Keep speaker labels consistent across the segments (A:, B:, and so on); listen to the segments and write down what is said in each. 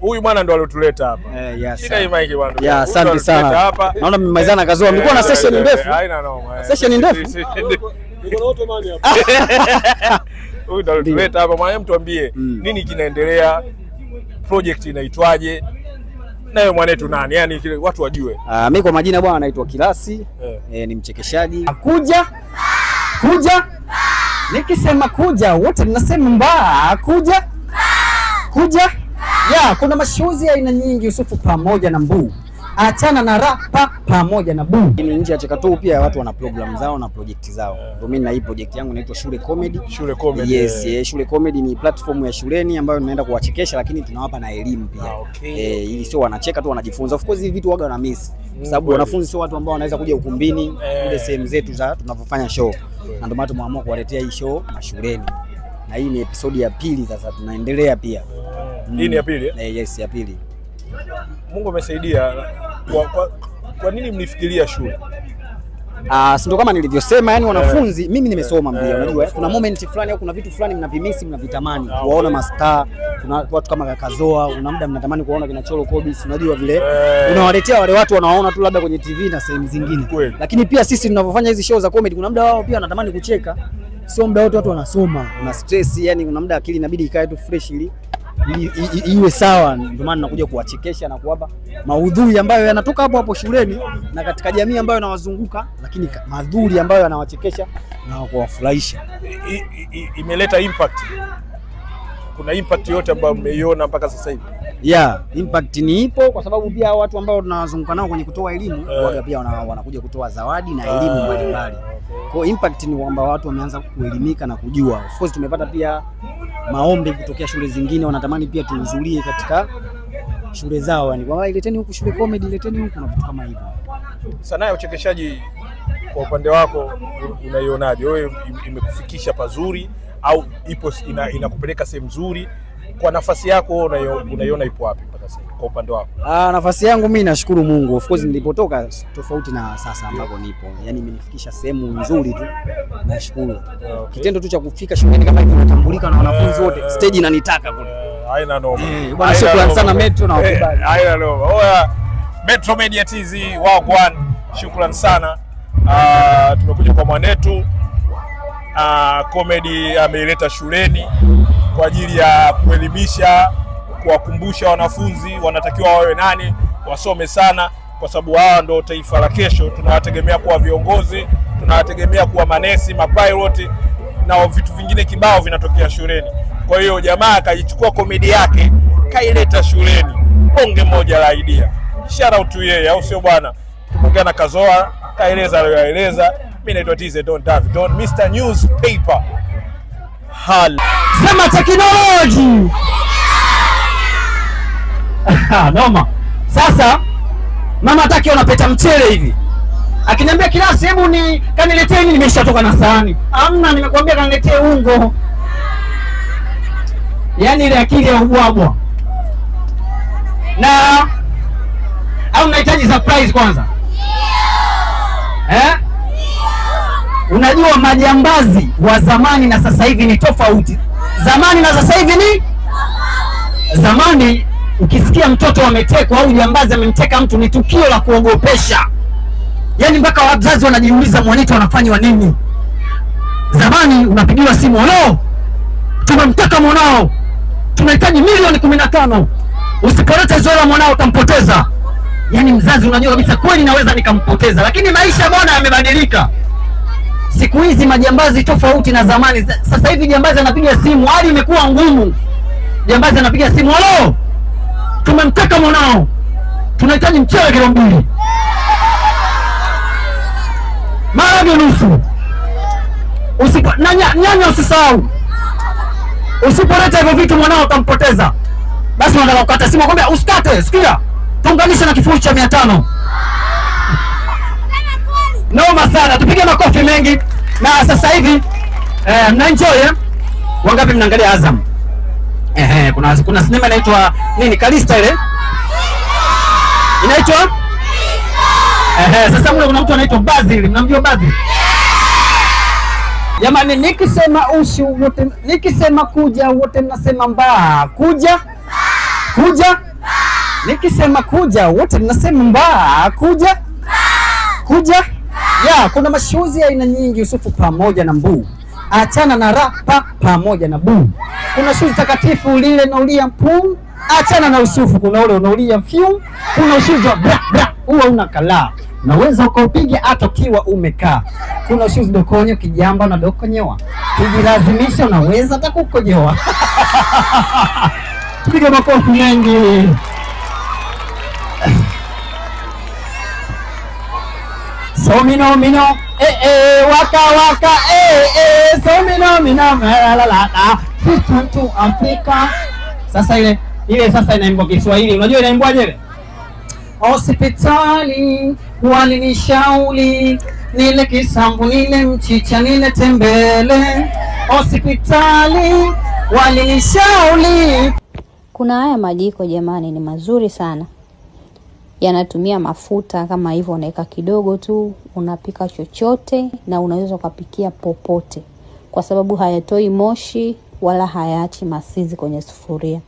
A: huyu bwana ndo aliotuleta hapa. Eh, yes. asante sana.
B: Naona mmemalizana kazi. Eh, mlikuwa na eh, session eh, ndefu.
A: Haina noma. Session ndefu. Huyu ndo aliotuleta hapa. Mwanae mtuambie mm. nini kinaendelea? Project inaitwaje? Nayo mwanetu nani? Yaani kile watu wajue.
B: Ah, mimi kwa majina bwana naitwa Kilasi. Eh. ni mchekeshaji. Kuja. Kuja. Nikisema kuja wote mnasema mbaa. Kuja. Kuja ya kuna mashuzi aina nyingi Yusufu pamoja na Mbuu. Achana na rapa pamoja na Buu. Ni nje ya Chekatoo pia watu wana program zao na project zao. Ndio mimi na hii project yangu inaitwa Shule Comedy.
A: Shule Comedy.
B: Yes, yeah. Shule Comedy ni platform ya shuleni ambayo tunaenda kuwachekesha lakini tunawapa na elimu pia. Ah,
A: okay.
B: Eh, ili sio wanacheka tu wanajifunza. Of course hivi vitu waga wana miss. Mm, Kwa sababu wanafunzi sio watu ambao wanaweza kuja ukumbini eh. kule sehemu zetu za tunapofanya show. Na ndio maana tumeamua kuwaletea hii show mashuleni. Na hii ni episode ya pili sasa tunaendelea pia
A: mm. Hii ni ya pili
B: eh? Yes, ya pili.
A: Mungu amesaidia. Kwa, kwa, kwa nini mlifikiria shule?
B: Uh, si kama nilivyosema, yani wanafunzi yeah. Mimi nimesoma mbio yeah. Unajua kuna moment fulani au kuna vitu fulani mnavimisi mnavitamani yeah. Kuwaona mastaa, kuna watu kama Kakazoa, una muda mnatamani kuwaona kina Cholo Kobis, unajua vile yeah. Unawaletea wale watu wanaona tu labda kwenye TV na sehemu zingine yeah. Lakini pia sisi tunavyofanya hizi show za comedy, kuna muda wao pia wanatamani kucheka, sio muda wote watu wanasoma, una stress, yani kuna muda akili inabidi ikae tu fresh ili iwe sawa. Ndio maana nakuja kuwachekesha na kuwapa maudhui ambayo yanatoka hapo hapo shuleni na katika jamii ambayo yanawazunguka lakini madhuri ambayo yanawachekesha na kuwafurahisha.
A: Imeleta impact. Kuna impact yote ambayo mmeiona mpaka sasa hivi?
B: Yeah, impact ni ipo kwa sababu pia watu ambao tunawazunguka nao kwenye kutoa elimu eh. waga pia wanakuja kutoa zawadi na elimu eh. mbalimbali. Kwa impact ni kwamba watu wameanza kuelimika na kujua. Of course tumepata pia maombi kutokea shule zingine, wanatamani pia tuhudhurie katika shule zao, yani kwamba ileteni huku shule comedy, ileteni huku na vitu kama hivyo.
A: Sanaa ya uchekeshaji kwa upande wako unaionaje wewe? Imekufikisha pazuri au ipo inakupeleka ina sehemu nzuri? Kwa nafasi yako unaiona ipo wapi mpaka sasa? kwa upande wako?
B: Ah, nafasi yangu mimi nashukuru Mungu. Of course nilipotoka tofauti na sasa ambapo nipo. Yaani imenifikisha sehemu nzuri tu. Nashukuru. Ah, okay. Kitendo tu cha kufika shuleni kama hivi natambulika na wanafunzi wote. Ah, Stage ah, inanitaka kule. Eh,
A: haina noma. Eh,
B: bwana shukrani sana Metro na eh, wakubali.
A: Haina noma. Oya Metro Media TV wao one. Shukrani sana. Uh, tumekuja kwa mwanetu comedy uh, ameileta shuleni kwa ajili ya kuelimisha kuwakumbusha wanafunzi wanatakiwa wawe nani wasome sana, kwa sababu hawa ndo taifa la kesho. Tunawategemea kuwa viongozi, tunawategemea kuwa manesi, mapilot na vitu vingine kibao vinatokea shuleni. Kwa hiyo jamaa akaichukua komedi yake kaileta shuleni, bonge moja la idea. Shout utu yeye, au sio bwana? Tumeongea na Kazoa, kaeleza aliyoeleza. Mimi naitwa TZ Don David Don Mr Newspaper. Hal
B: sema technology noma. Sasa mama atakiwa anapeta mchele hivi, akiniambia Kilasi, hebu ni kaniletee nini, nimeshatoka na sahani. Amna, nimekuambia kaniletee ungo. Yaani ile akili ya ubwabwa na au unahitaji surprise kwanza eh? Unajua majambazi wa zamani na sasa hivi ni tofauti. Zamani na sasa hivi ni zamani Ukisikia mtoto ametekwa au jambazi amemteka mtu, ni tukio la kuogopesha. Yaani mpaka wazazi wanajiuliza mwanito anafanywa nini? Zamani unapigiwa simu, halo, tumemteka mwanao, tunahitaji milioni kumi na tano, usipolete zoezi mwanao utampoteza. Yaani mzazi unajua kabisa kweli naweza nikampoteza, lakini maisha mbona yamebadilika siku hizi, majambazi tofauti na zamani. Sasa hivi jambazi anapiga simu, hali imekuwa ngumu. Jambazi anapiga simu, halo tumemteka mwanao, tunahitaji mchele kilo mbili, maharage nusu, na nyanya usisahau. Usipoleta hivyo vitu mwanao utampoteza. Basi nataka kukata simu, kwambia usikate, sikia, tuunganishe na kifurushi cha mia tano. Noma sana, tupige makofi mengi. Na sasa hivi eh, mnaenjoy eh? Wangapi mnaangalia Azam? Ehe, kuna kuna sinema inaitwa nini? Kalista ile. Inaitwa Ehe, sasa mule kuna mtu anaitwa Basil, mnamjua Basil? Jamani, nikisema ushi wote, nikisema kuja wote mnasema mbaa. Kuja? Kuja? Nikisema kuja wote mnasema mbaa. Kuja? Kuja? Ya, kuna mashuzi aina nyingi Yusufu pamoja na Mbuu achana na rapa pamoja na buu. Kuna shuzi takatifu ulile unaulia pum, achana na usufu. Kuna ule unaulia fyum, kuna shuzi wa bra bra, huwa una kalaa, naweza ukaupiga hata ukiwa umekaa. Kuna shuzi dokonyo kijamba na dokonyoa, kijilazimisha unaweza hata kukojoa piga makofi mengi. so mino mino eh eh waka waka eh eh so mi no mi na la la la kitu tu Afrika. Sasa ile ile sasa inaimbwa Kiswahili, unajua inaimbwaje ile? Hospitali walinishauri nile kisambu nile mchicha nile tembele. Hospitali walinishauri.
C: Kuna haya majiko jamani, ni mazuri sana yanatumia mafuta kama hivyo, unaweka kidogo tu, unapika chochote na unaweza ukapikia popote, kwa sababu hayatoi moshi wala hayaachi masizi kwenye sufuria.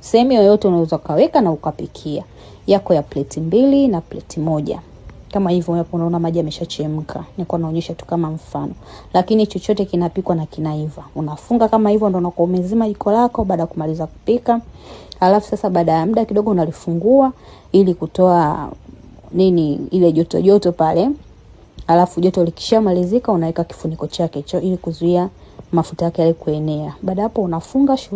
C: Sehemu yoyote unaweza ukaweka na ukapikia. Yako ya pleti mbili na pleti moja kama hivyo hapo, unaona maji yameshachemka. niko naonyesha tu kama mfano, lakini chochote kinapikwa na kinaiva, unafunga kama hivyo, ndio unakuwa umezima jiko lako baada ya kumaliza kupika. Alafu sasa, baada ya muda kidogo, unalifungua ili kutoa nini, ile joto joto pale. Alafu joto likishamalizika, unaweka kifuniko chake cho ili kuzuia mafuta yake yale kuenea. Baada hapo, unafunga shu-